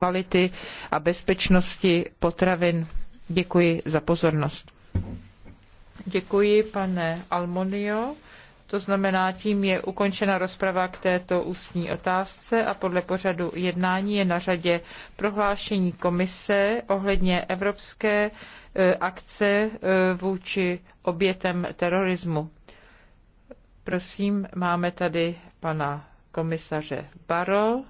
kvality a bezpečnosti potravin. Děkuji za pozornost. Děkuji, pane Almonio. To znamená, tím je ukončena rozprava k této ústní otázce a podle pořadu jednání je na řadě prohlášení komise ohledně evropské e, akce e, vůči obětem terorismu. Prosím, máme tady pana komisaře Baro.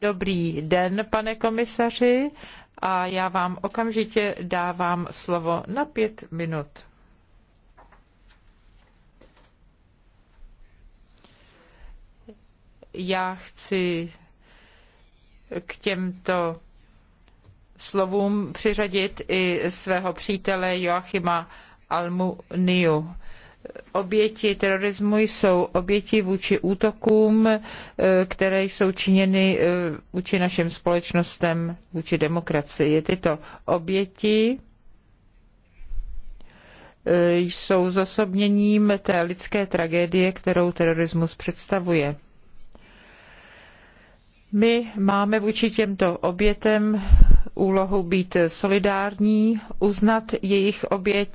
Dobrý den, pane komisaři, a já vám okamžitě dávám slovo na pět minut. Já chci k těmto slovům přiřadit i svého přítele Joachima Almuniu oběti terorismu jsou oběti vůči útokům, eh, které jsou činěny eh, vůči našim společnostem, vůči demokracii. Tyto oběti eh, jsou zosobněním té lidské tragédie, kterou terorismus představuje. My máme vůči těmto obětem úlohu být solidární, uznat jejich oběť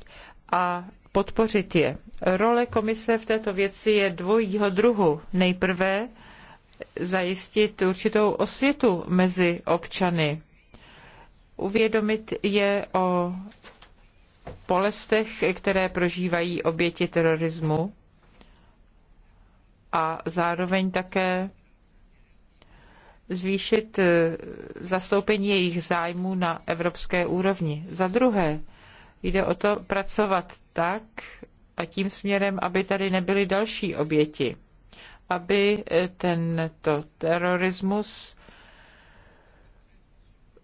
a podpořit je. Role komise v této věci je dvojího druhu. Nejprve zajistit určitou osvětu mezi občany, uvědomit je o polestech, které prožívají oběti terorismu a zároveň také zvýšit zastoupení jejich zájmů na evropské úrovni. Za druhé, Jde o to pracovat tak a tím směrem, aby tady nebyly další oběti, aby e, tento terorismus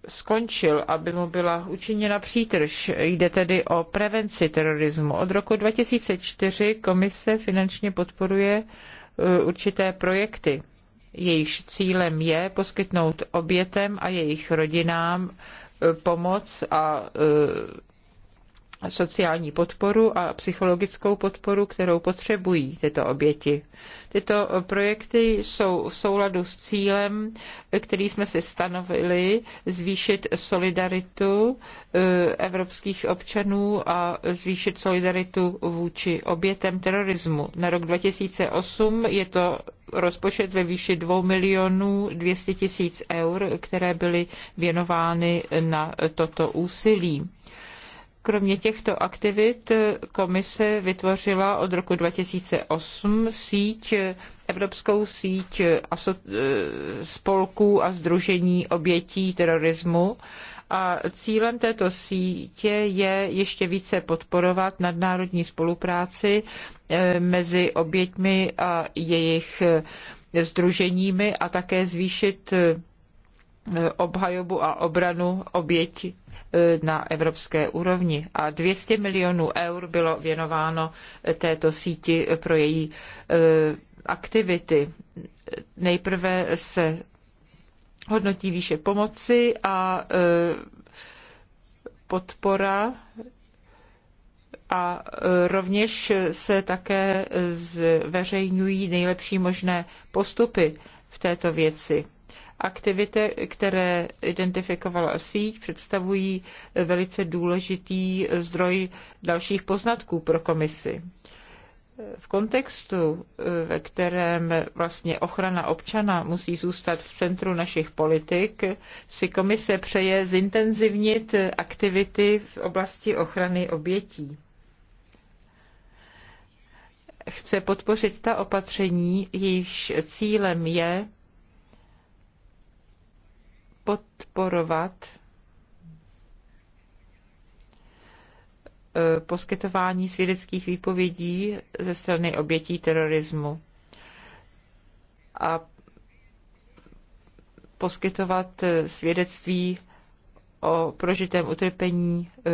skončil, aby mu byla učiněna přítrž. Jde tedy o prevenci terorismu. Od roku 2004 komise finančně podporuje e, určité projekty. Jejich cílem je poskytnout obětem a jejich rodinám e, pomoc a sociální podporu a psychologickou podporu, kterou potřebují tyto oběti. Tyto projekty jsou v souladu s cílem, který jsme si stanovili, zvýšit solidaritu eh, evropských občanů a zvýšit solidaritu vůči obětem terorismu. Na rok 2008 je to rozpočet ve výši 2 milionů 200 tisíc eur, které byly věnovány na toto úsilí. Kromě těchto aktivit komise vytvořila od roku 2008 síť, evropskou síť eh, spolků a združení obětí terorismu a cílem této sítě je ještě více podporovat nadnárodní spolupráci eh, mezi oběťmi a jejich združeními eh, a také zvýšit obhajobu a obranu oběti na evropské úrovni a 200 milionů eur bylo věnováno této síti pro její e, aktivity. Nejprve se hodnotí výše pomoci a e, podpora a e, rovněž se také zveřejňují nejlepší možné postupy v této věci. Aktivity, které identifikovala síť, představují velice důležitý zdroj dalších poznatků pro komisi. V kontextu, ve kterém vlastně ochrana občana musí zůstat v centru našich politik, si komise přeje zintenzivnit aktivity v oblasti ochrany obětí chce podpořit ta opatření, jejichž cílem je podporovat eh, poskytování svědeckých výpovědí ze strany obětí terorismu a poskytovat eh, svědectví o prožitém utrpení eh,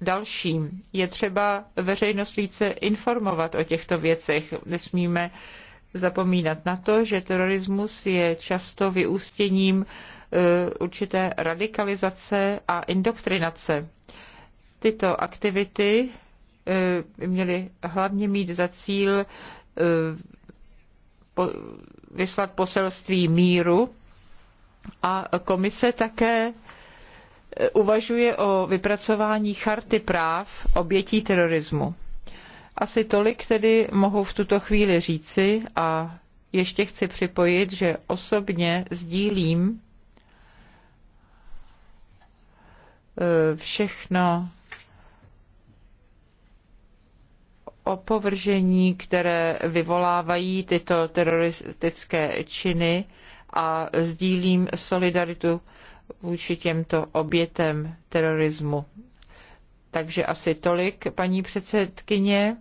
dalším. Je třeba veřejnost více informovat o těchto věcech. Nesmíme zapomínat na to, že terorismus je často vyústěním Eh, určité radikalizace a indoktrinace. Tyto aktivity eh, měly hlavně mít za cíl eh, vyslat poselství míru a komise také uvažuje o vypracování charty práv obětí terorismu. Asi tolik tedy mohu v tuto chvíli říci a ještě chci připojit, že osobně sdílím Eh, všechno opovržení, které vyvolávají tyto teroristické činy a sdílím solidaritu vůči těmto obětem terorismu. Takže asi tolik, paní předsedkyně.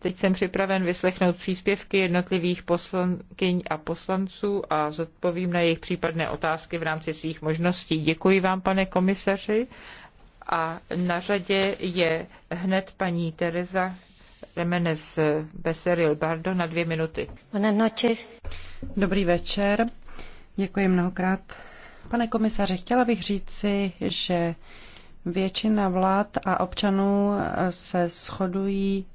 Teď jsem připraven vyslechnout příspěvky jednotlivých poslankyň a poslanců a zodpovím na jejich případné otázky v rámci svých možností. Děkuji vám, pane komisaři. A na řadě je hned paní Teresa Remenes Beseril Bardo na dvě minuty. Dobrý večer. Děkuji mnohokrát. Pane komisaři, chtěla bych říci, že většina vlád a občanů se shodují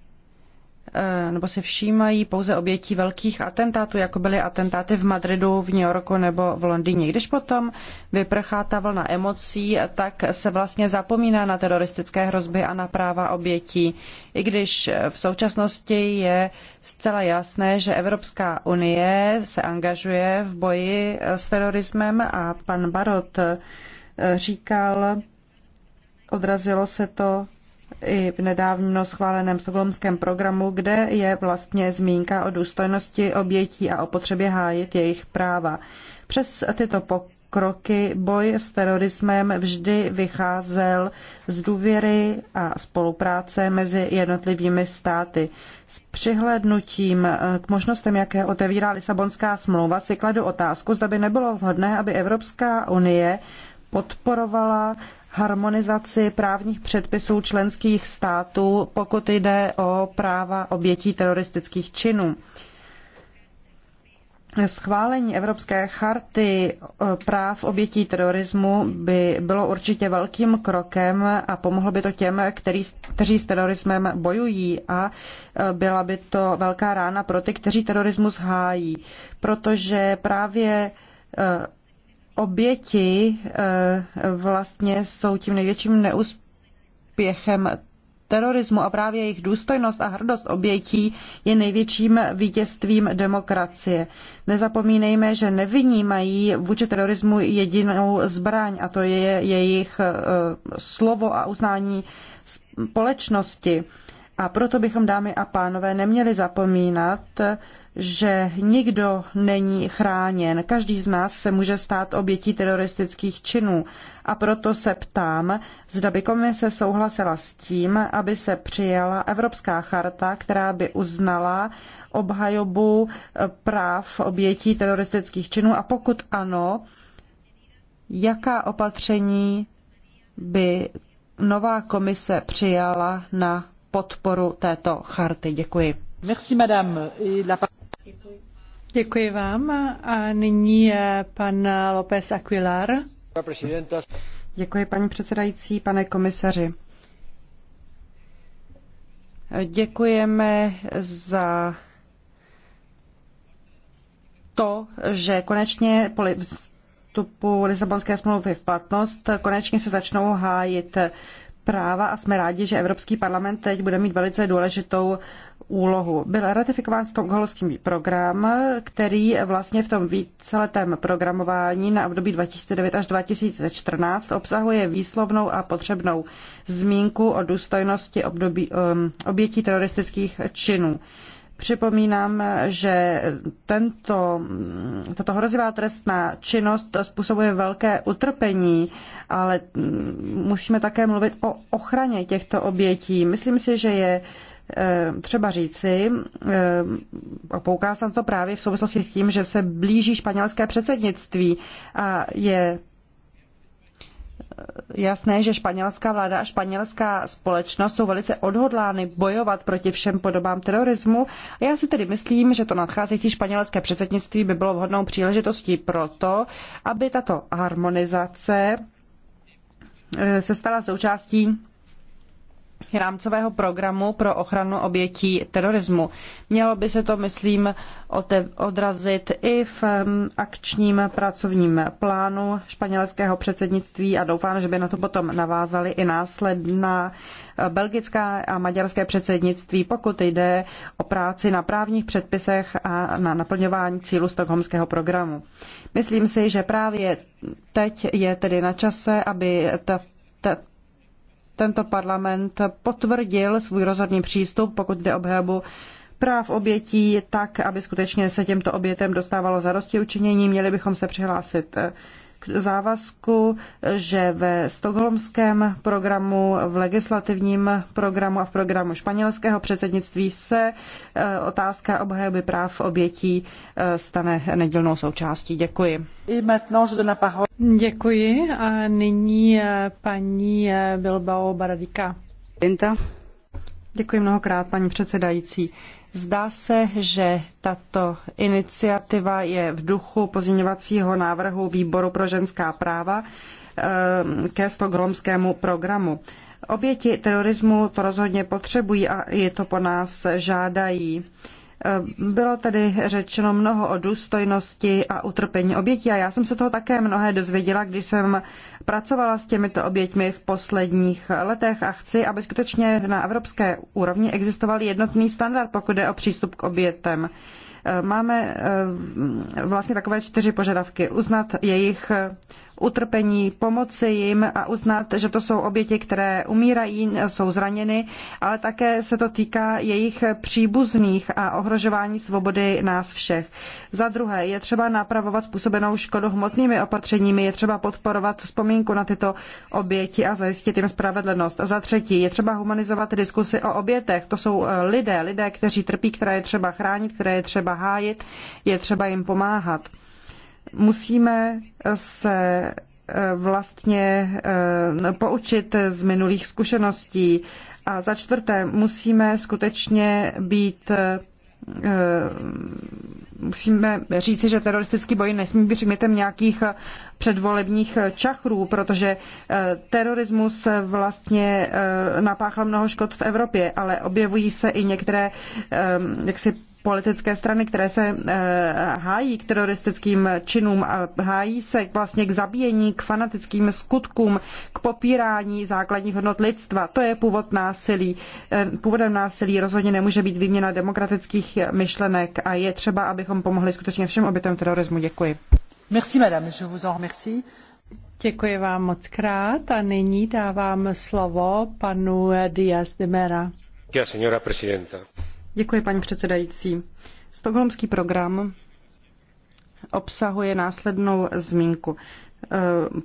Eh, nebo se všímají pouze obětí velkých atentátů, jako byly atentáty v Madridu, v New Yorku nebo v Londýně. Když potom vyprchá ta vlna emocí, tak se vlastně zapomíná na teroristické hrozby a na práva obětí. I když v současnosti je zcela jasné, že Evropská unie se angažuje v boji eh, s terorismem a pan Barot eh, říkal, odrazilo se to i v nedávno schváleném stokholmském programu, kde je vlastně zmínka o důstojnosti obětí a o potřebě hájit jejich práva. Přes tyto pokroky boj s terorismem vždy vycházel z důvěry a spolupráce mezi jednotlivými státy. S přihlednutím k možnostem, jaké otevírá Lisabonská smlouva, si kladu otázku, zda by nebylo vhodné, aby Evropská unie podporovala harmonizaci právních předpisů členských států, pokud jde o práva obětí teroristických činů. Schválení Evropské charty eh, práv obětí terorismu by bylo určitě velkým krokem a pomohlo by to těm, který, kteří s terorismem bojují a eh, byla by to velká rána pro ty, kteří terorismus hájí, protože právě eh, oběti eh, vlastně jsou tím největším neúspěchem terorismu a právě jejich důstojnost a hrdost obětí je největším vítězstvím demokracie. Nezapomínejme, že nevinní mají vůči terorismu jedinou zbraň a to je jejich eh, slovo a uznání společnosti. A proto bychom, dámy a pánové, neměli zapomínat, že nikdo není chráněn. Každý z nás se může stát obětí teroristických činů. A proto se ptám, zda by komise souhlasila s tím, aby se přijala Evropská charta, která by uznala obhajobu eh, práv obětí teroristických činů. A pokud ano, jaká opatření by nová komise přijala na podporu této charty. Děkuji. Merci, madame. Děkuji. vám. A nyní je pan López Aquilar. Děkuji, paní předsedající, pane komisaři. Děkujeme za to, že konečně po vstupu Lisabonské smlouvy v platnost konečně se začnou hájit práva a jsme rádi, že Evropský parlament teď bude mít velice důležitou úlohu. Byl ratifikován stokholmský program, který vlastně v tom víceletém programování na období 2009 až 2014 obsahuje výslovnou a potřebnou zmínku o důstojnosti období, um, obětí teroristických činů. Připomínám, že tento, tato hrozivá trestná činnost způsobuje velké utrpení, ale musíme také mluvit o ochraně těchto obětí. Myslím si, že je uh, Eh, třeba říci, eh, a poukázám to právě v souvislosti s tím, že se blíží španělské předsednictví a je jasné, že španělská vláda a španělská společnost jsou velice odhodlány bojovat proti všem podobám terorismu. A já si tedy myslím, že to nadcházející španělské předsednictví by bylo vhodnou příležitostí pro to, aby tato harmonizace eh, se stala součástí rámcového programu pro ochranu obětí terorismu. Mělo by se to, myslím, odrazit i v akčním pracovním plánu španělského předsednictví a doufám, že by na to potom navázali i následná eh, belgická a maďarské předsednictví, pokud jde o práci na právních předpisech a na naplňování cílu stokholmského programu. Myslím si, že právě teď je tedy na čase, aby ta, ta tento parlament potvrdil svůj rozhodný přístup, pokud jde o obhajobu práv obětí, tak, aby skutečně se těmto obětem dostávalo zadosti učinění. Měli bychom se přihlásit k závazku, že ve stokholmském programu, v legislativním programu a v programu španělského předsednictví se eh, otázka obhajoby práv obětí eh, stane nedělnou součástí. Děkuji. Děkuji a nyní eh, paní Bilbao Baradika. Děkuji mnohokrát, paní předsedající. Zdá se, že tato iniciativa je v duchu pozměňovacího návrhu Výboru pro ženská práva ehm, ke stokholmskému programu. Oběti terorismu to rozhodně potřebují a je to po nás žádají. Ehm, bylo tady řečeno mnoho o důstojnosti a utrpení obětí a já jsem se toho také mnohé dozvěděla, když jsem pracovala s těmito oběťmi v posledních letech a chci, aby skutečně na evropské úrovni existoval jednotný standard, pokud jde o přístup k obětem. Eh, máme eh, vlastně takové čtyři požadavky. Uznat jejich eh, utrpení, pomoci jim a uznat, že to jsou oběti, které umírají, jsou zraněny, ale také se to týká jejich příbuzných a ohrožování svobody nás všech. Za druhé, je třeba napravovat způsobenou škodu hmotnými opatřeními, je třeba podporovat vzpomínání vzpomínku na tyto oběti a zajistit jim spravedlnost. Za třetí, je třeba humanizovat diskusy o obětech. To jsou eh, lidé, lidé, kteří trpí, které je třeba chránit, které je třeba hájit, je třeba jim pomáhat. Musíme eh, se eh, vlastně poučit z minulých zkušeností. A za čtvrté, musíme skutečně být Eh, musíme říci, že teroristický boj nesmí být předmětem nějakých eh, předvolebních eh, čachrů, protože terorismus vlastně napáchal mnoho škod v Evropě, ale objevují se i některé jaksi politické strany, které se eh, hájí k teroristickým činům, hájí se vlastně k zabíjení, k fanatickým skutkům, k popírání základních hodnot lidstva. To je původ násilí. Eh, původem násilí rozhodně nemůže být výměna demokratických myšlenek a je třeba, abychom pomohli skutečně všem obětem terorismu. Děkuji. Merci, madame, je vous en remercie. Děkuji vám moc krát a nyní dávám slovo panu Diaz de Mera. Já, señora presidenta. Děkuji, paní předsedající. Stockholmský program obsahuje následnou zmínku, e,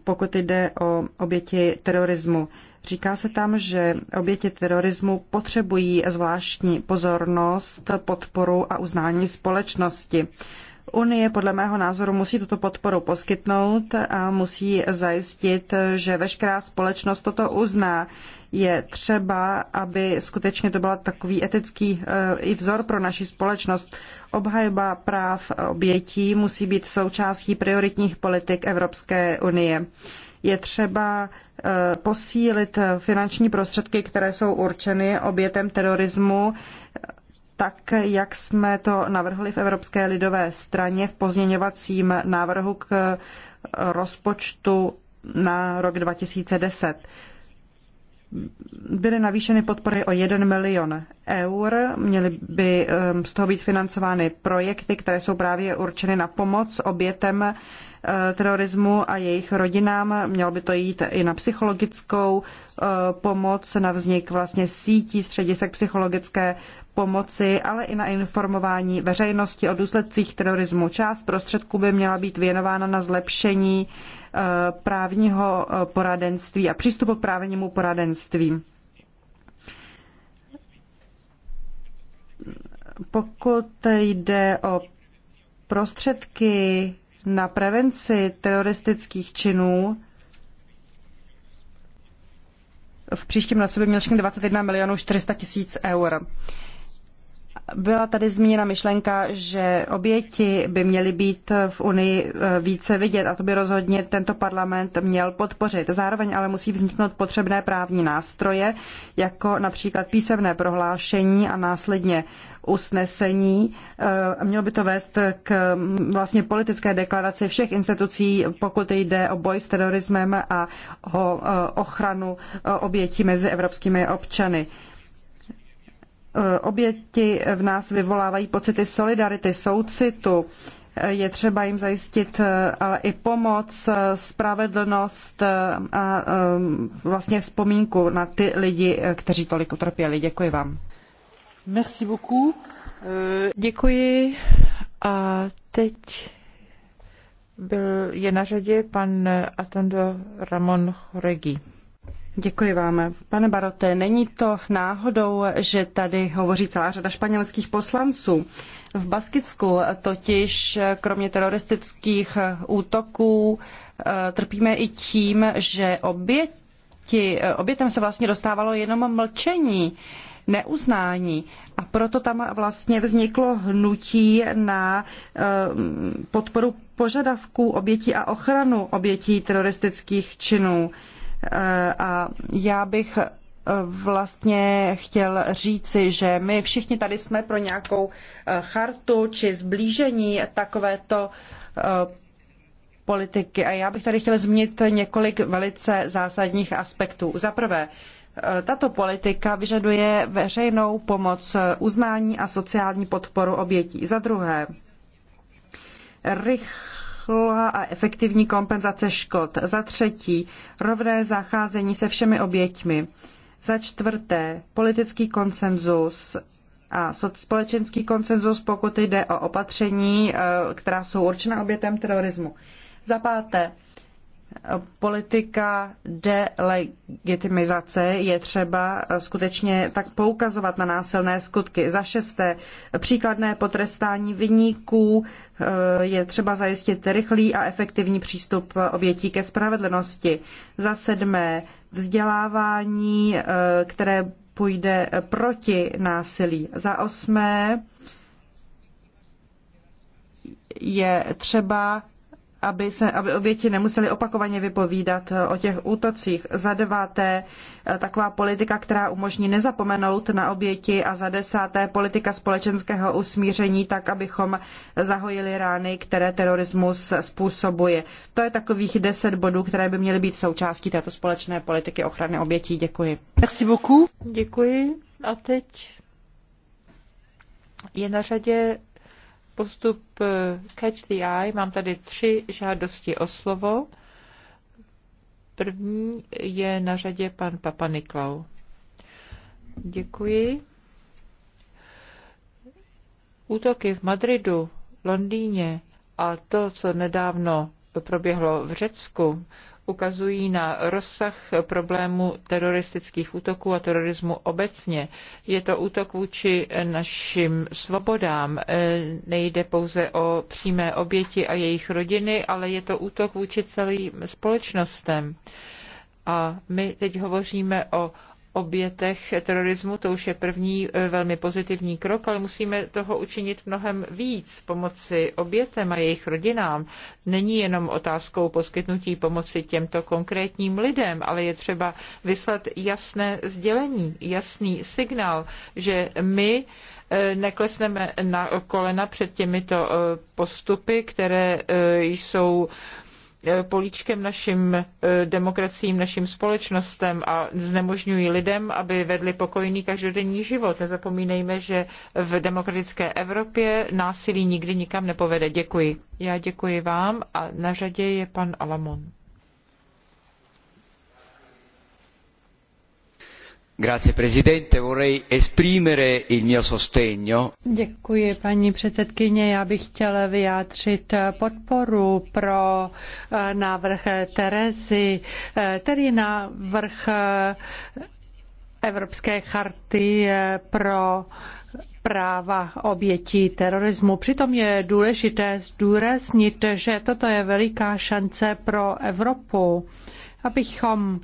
pokud jde o oběti terorismu. Říká se tam, že oběti terorismu potřebují zvláštní pozornost, podporu a uznání společnosti. Unie podle mého názoru musí tuto podporu poskytnout a musí zajistit, že veškerá společnost toto uzná. Je třeba, aby skutečně to byl takový etický eh, i vzor pro naši společnost. Obhajba práv obětí musí být součástí prioritních politik Evropské unie. Je třeba eh, posílit finanční prostředky, které jsou určeny obětem terorismu tak, jak jsme to navrhli v Evropské lidové straně v pozměňovacím návrhu k rozpočtu na rok 2010. Byly navýšeny podpory o 1 milion eur, měly by ehm, z toho být financovány projekty, které jsou právě určeny na pomoc obětem eh, terorismu a jejich rodinám. Mělo by to jít i na psychologickou eh, pomoc, na vznik vlastně sítí středisek psychologické pomoci, ale i na informování veřejnosti o důsledcích terorismu. Část prostředků by měla být věnována na zlepšení eh, právního eh, poradenství a přístupu k právnímu poradenství. Pokud jde o prostředky na prevenci teroristických činů, v příštím roce by měl 21 milionů 400 tisíc eur. Byla tady zmíněna myšlenka, že oběti by měly být v Unii eh, více vidět a to by rozhodně tento parlament měl podpořit. Zároveň ale musí vzniknout potřebné právní nástroje, jako například písemné prohlášení a následně usnesení. Eh, mělo by to vést k mm, vlastně politické deklaraci všech institucí, pokud jde o boj s terorismem a o eh, ochranu obětí mezi evropskými občany. Eh, oběti v nás vyvolávají pocity solidarity, soucitu. Eh, je třeba jim zajistit eh, ale i pomoc, spravedlnost a vlastně vzpomínku na ty lidi, kteří tolik utrpěli. Děkuji vám. Merci beaucoup. Děkuji. A teď byl, je na řadě pan Atondo Ramon Choregi. Děkuji vám. Pane Barote, není to náhodou, že tady hovoří celá řada španělských poslanců. V Baskicku totiž kromě teroristických útoků eh, trpíme i tím, že oběti, eh, obětem se vlastně dostávalo jenom mlčení, neuznání. A proto tam vlastně vzniklo hnutí na eh, podporu požadavků obětí a ochranu obětí teroristických činů. Eh, a já bych eh, vlastně chtěl říci, že my všichni tady jsme pro nějakou eh, chartu či zblížení takovéto politiky. A já bych tady chtěl zmínit několik velice zásadních aspektů. Za prvé, tato politika vyžaduje veřejnou pomoc, uznání a sociální podporu obětí. Za druhé, rychle rychlá a efektivní kompenzace škod. Za třetí, rovné zacházení se všemi oběťmi. Za čtvrté, politický konsenzus a společenský konsenzus, pokud jde o opatření, eh, která jsou určena obětem terorismu. Za páté, politika delegitimizace je třeba skutečně tak poukazovat na násilné skutky. Za šesté, příkladné potrestání vyníků eh, je třeba zajistit rychlý a efektivní přístup obětí ke spravedlnosti. Za sedmé, vzdělávání, eh, které půjde proti násilí. Za osmé, je třeba aby, se, aby oběti nemuseli opakovaně vypovídat eh, o těch útocích. Za deváté eh, taková politika, která umožní nezapomenout na oběti a za desáté politika společenského usmíření, tak abychom zahojili rány, které terorismus způsobuje. To je takových deset bodů, které by měly být součástí této společné politiky ochrany obětí. Děkuji. Merci beaucoup. Děkuji. A teď je na řadě Postup eh, Catch the Eye. Mám tady tři žádosti o slovo. První je na řadě pan Papa Niklau. Děkuji. Útoky v Madridu, Londýně a to, co nedávno proběhlo v Řecku, ukazují na rozsah problému teroristických útoků a terorismu obecně. Je to útok vůči našim svobodám. E, nejde pouze o přímé oběti a jejich rodiny, ale je to útok vůči celým společnostem. A my teď hovoříme o obětech terorismu. To už je první eh, velmi pozitivní krok, ale musíme toho učinit mnohem víc. Pomoci obětem a jejich rodinám není jenom otázkou poskytnutí pomoci těmto konkrétním lidem, ale je třeba vyslat jasné sdělení, jasný signál, že my eh, neklesneme na kolena před těmito eh, postupy, které jsou E, políčkem našim e, demokraciím, našim společnostem a znemožňují lidem, aby vedli pokojný každodenní život. Nezapomínejme, že v demokratické Evropě násilí nikdy nikam nepovede. Děkuji. Já děkuji vám a na řadě je pan Alamon. Grazie Presidente, vorrei esprimere il mio sostegno. Děkuji paní předsedkyně, já bych chtěla vyjádřit podporu pro eh, návrh Terezy, eh, tedy návrh eh, Evropské charty pro práva obětí terorismu. Přitom je důležité zdůraznit, že toto je veliká šance pro Evropu, abychom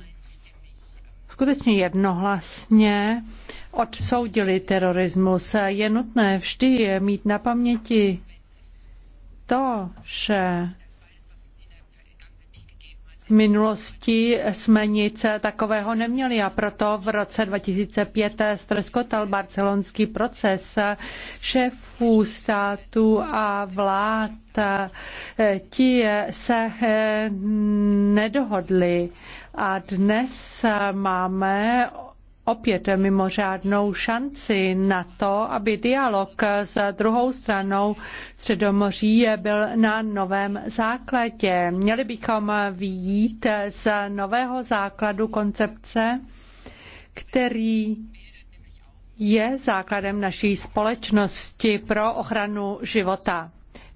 skutečně jednohlasně odsoudili terorismus. Je nutné vždy mít na paměti to, že v minulosti jsme nic takového neměli a proto v roce 2005 ztroskotal barcelonský proces šéfů států a vlád. Ti se nedohodli a dnes máme opět mimořádnou šanci na to, aby dialog s druhou stranou Středomoří byl na novém základě. Měli bychom vyjít z nového základu koncepce, který je základem naší společnosti pro ochranu života.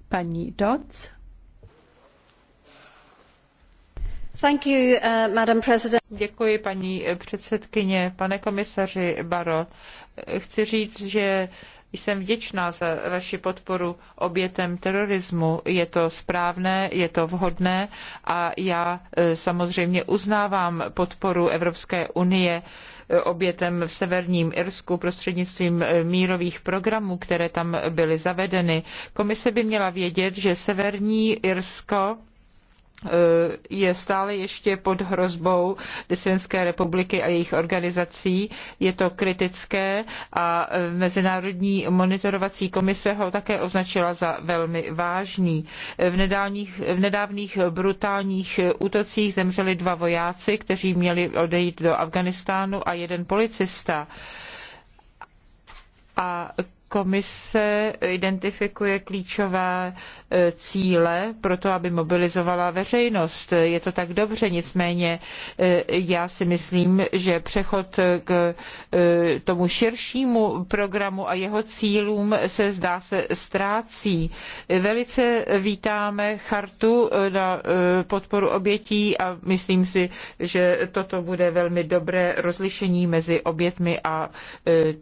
Paní Doc. Uh, Děkuji, paní eh, předsedající pane komisaři barrot eh, Chci říct, že jsem vděčná za vaši podporu obětem terorismu. Je to správné, je to vhodné a já eh, samozřejmě uznávám podporu Evropské unie obětem v severním Irsku prostřednictvím mírových programů, které tam byly zavedeny. Komise by měla vědět, že severní Irsko Eh, je stále ještě pod hrozbou Disidentské republiky a jejich organizací. Je to kritické a eh, Mezinárodní monitorovací komise ho také označila za velmi vážný. Eh, v, nedávných, v nedávných brutálních útocích zemřeli dva vojáci, kteří měli odejít do Afganistánu a jeden policista. A komise identifikuje klíčové e, cíle pro to, aby mobilizovala veřejnost. Je to tak dobře, nicméně e, já si myslím, že přechod k e, tomu širšímu programu a jeho cílům se zdá se ztrácí. Velice vítáme chartu na podporu obětí a myslím si, že toto bude velmi dobré rozlišení mezi obětmi a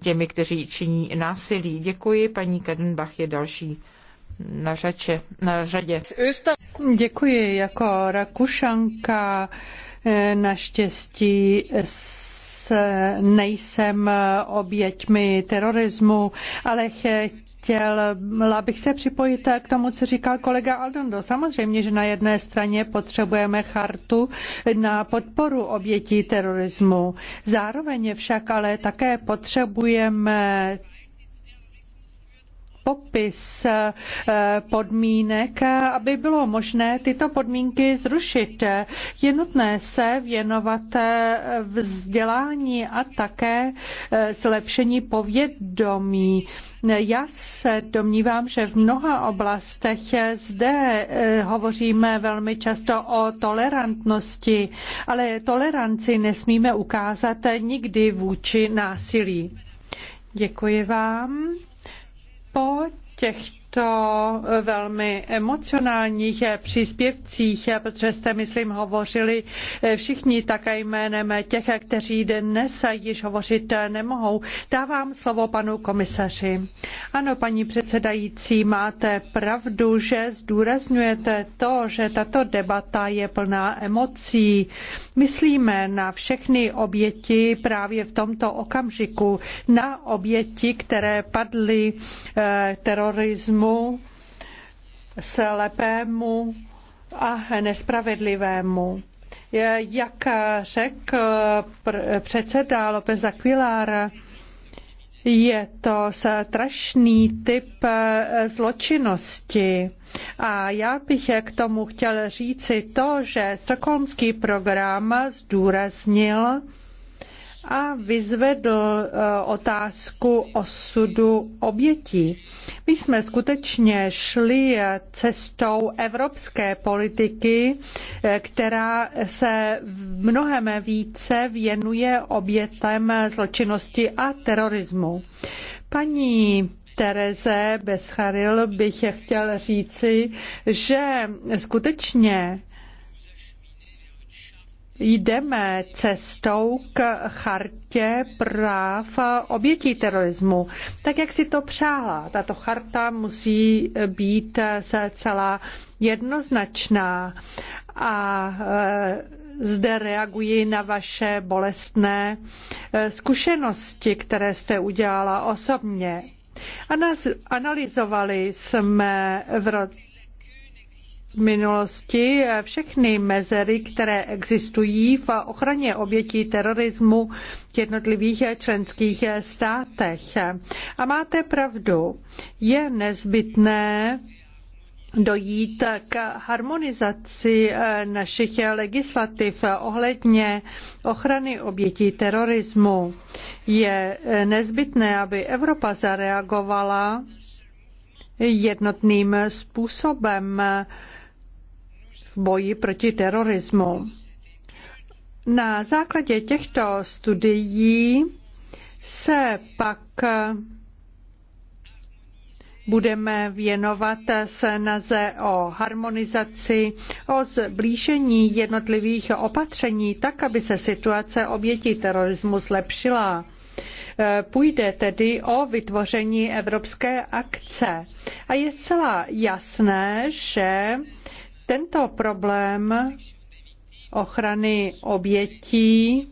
těmi, kteří činí násilí. Děkuji, paní Kedenbach je další na, řeče, na řadě. Děkuji, jako Rakušanka eh, naštěstí nejsem oběťmi terorismu, ale chtěla bych se připojit k tomu, co říkal kolega Aldondo. Samozřejmě, že na jedné straně potřebujeme chartu na podporu obětí terorismu. Zároveň však ale také potřebujeme popis eh, podmínek, aby bylo možné tyto podmínky zrušit. Je nutné se věnovat eh, vzdělání a také eh, zlepšení povědomí. Já se domnívám, že v mnoha oblastech zde hovoříme velmi často o tolerantnosti, ale toleranci nesmíme ukázat nikdy vůči násilí. Děkuji vám. Po těch těchto velmi emocionálních příspěvcích, protože jste, myslím, hovořili všichni také jménem těch, kteří dnes již hovořit nemohou. Dávám slovo panu komisaři. Ano, paní předsedající, máte pravdu, že zdůrazňujete to, že tato debata je plná emocí. Myslíme na všechny oběti právě v tomto okamžiku, na oběti, které padly eh, terorismu zlému, slepému a nespravedlivému. Jak řekl předseda López Aquilar, je to strašný typ eh, zločinnosti. A já bych k tomu chtěl říci to, že stokholmský program zdůraznil, a vyzvedl eh, otázku osudu obětí. My jsme skutečně šli eh, cestou evropské politiky, eh, která se mnohem více věnuje obětem zločinnosti a terorismu. Paní Tereze Bescharil bych chtěl říci, že skutečně jdeme cestou k chartě práv obětí terorismu, tak jak si to přála. Tato charta musí být celá jednoznačná a e, zde reaguji na vaše bolestné e, zkušenosti, které jste udělala osobně. Analyzovali jsme v roce minulosti všechny mezery, které existují v ochraně obětí terorismu v jednotlivých členských státech. A máte pravdu, je nezbytné dojít k harmonizaci našich legislativ ohledně ochrany obětí terorismu. Je nezbytné, aby Evropa zareagovala jednotným způsobem boji proti terorismu. Na základě těchto studií se pak budeme věnovat snaze o harmonizaci, o zblížení jednotlivých opatření, tak, aby se situace obětí terorismu zlepšila. Půjde tedy o vytvoření evropské akce. A je zcela jasné, že tento problém ochrany obětí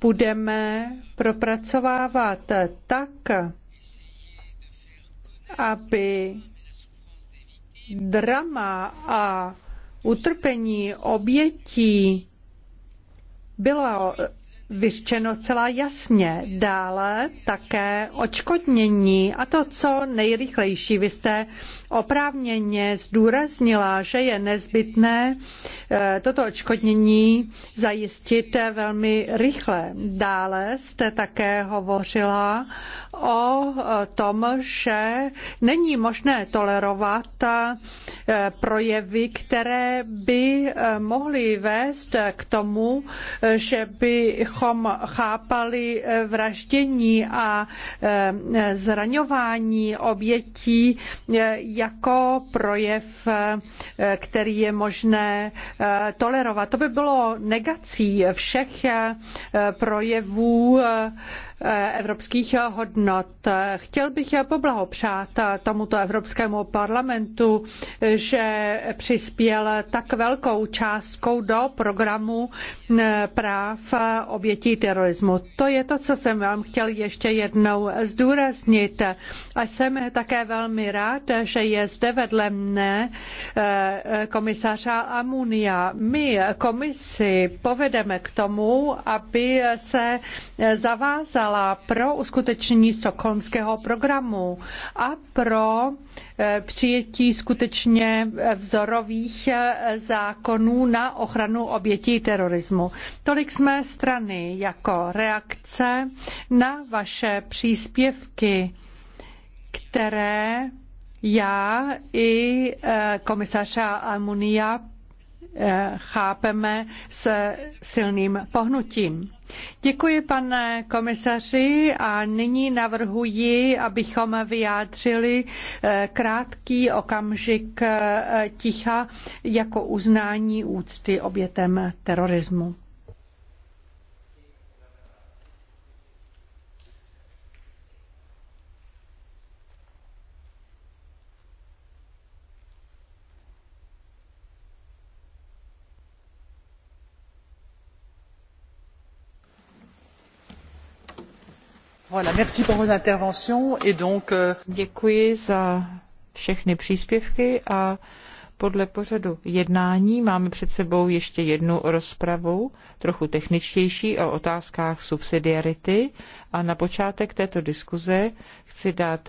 budeme propracovávat tak, aby drama a utrpení obětí bylo vyřčeno celá jasně. Dále také očkodnění a to, co nejrychlejší. Vy jste oprávněně zdůraznila, že je nezbytné eh, toto očkodnění zajistit velmi rychle. Dále jste také hovořila o eh, tom, že není možné tolerovat eh, projevy, které by mohly vést k tomu, že by abychom chápali eh, vraždění a eh, zraňování obětí eh, jako projev, který je možné tolerovat. To by bylo negací všech projevů evropských hodnot. Chtěl bych poblahopřát tomuto Evropskému parlamentu, že přispěl tak velkou částkou do programu práv obětí obětí terorismu. To je to, co jsem vám chtěl ještě jednou zdůraznit. A jsem také velmi rád, že je zde vedle mne eh, komisařa Amunia. My komisi povedeme k tomu, aby se zavázala pro uskutečnění stokholmského programu a pro eh, přijetí skutečně vzorových eh, zákonů na ochranu obětí terorismu. Tolik z mé strany dány jako reakce na vaše příspěvky, které já i eh, komisaře Almunia eh, chápeme s silným pohnutím. Děkuji, pane komisaři, a nyní navrhuji, abychom vyjádřili eh, krátký okamžik ticha jako uznání úcty obětem terorismu. Euh, Děkuji za všechny příspěvky a podle pořadu jednání máme před sebou ještě jednu rozpravu, trochu techničtější o otázkách subsidiarity a na počátek této diskuze chci dát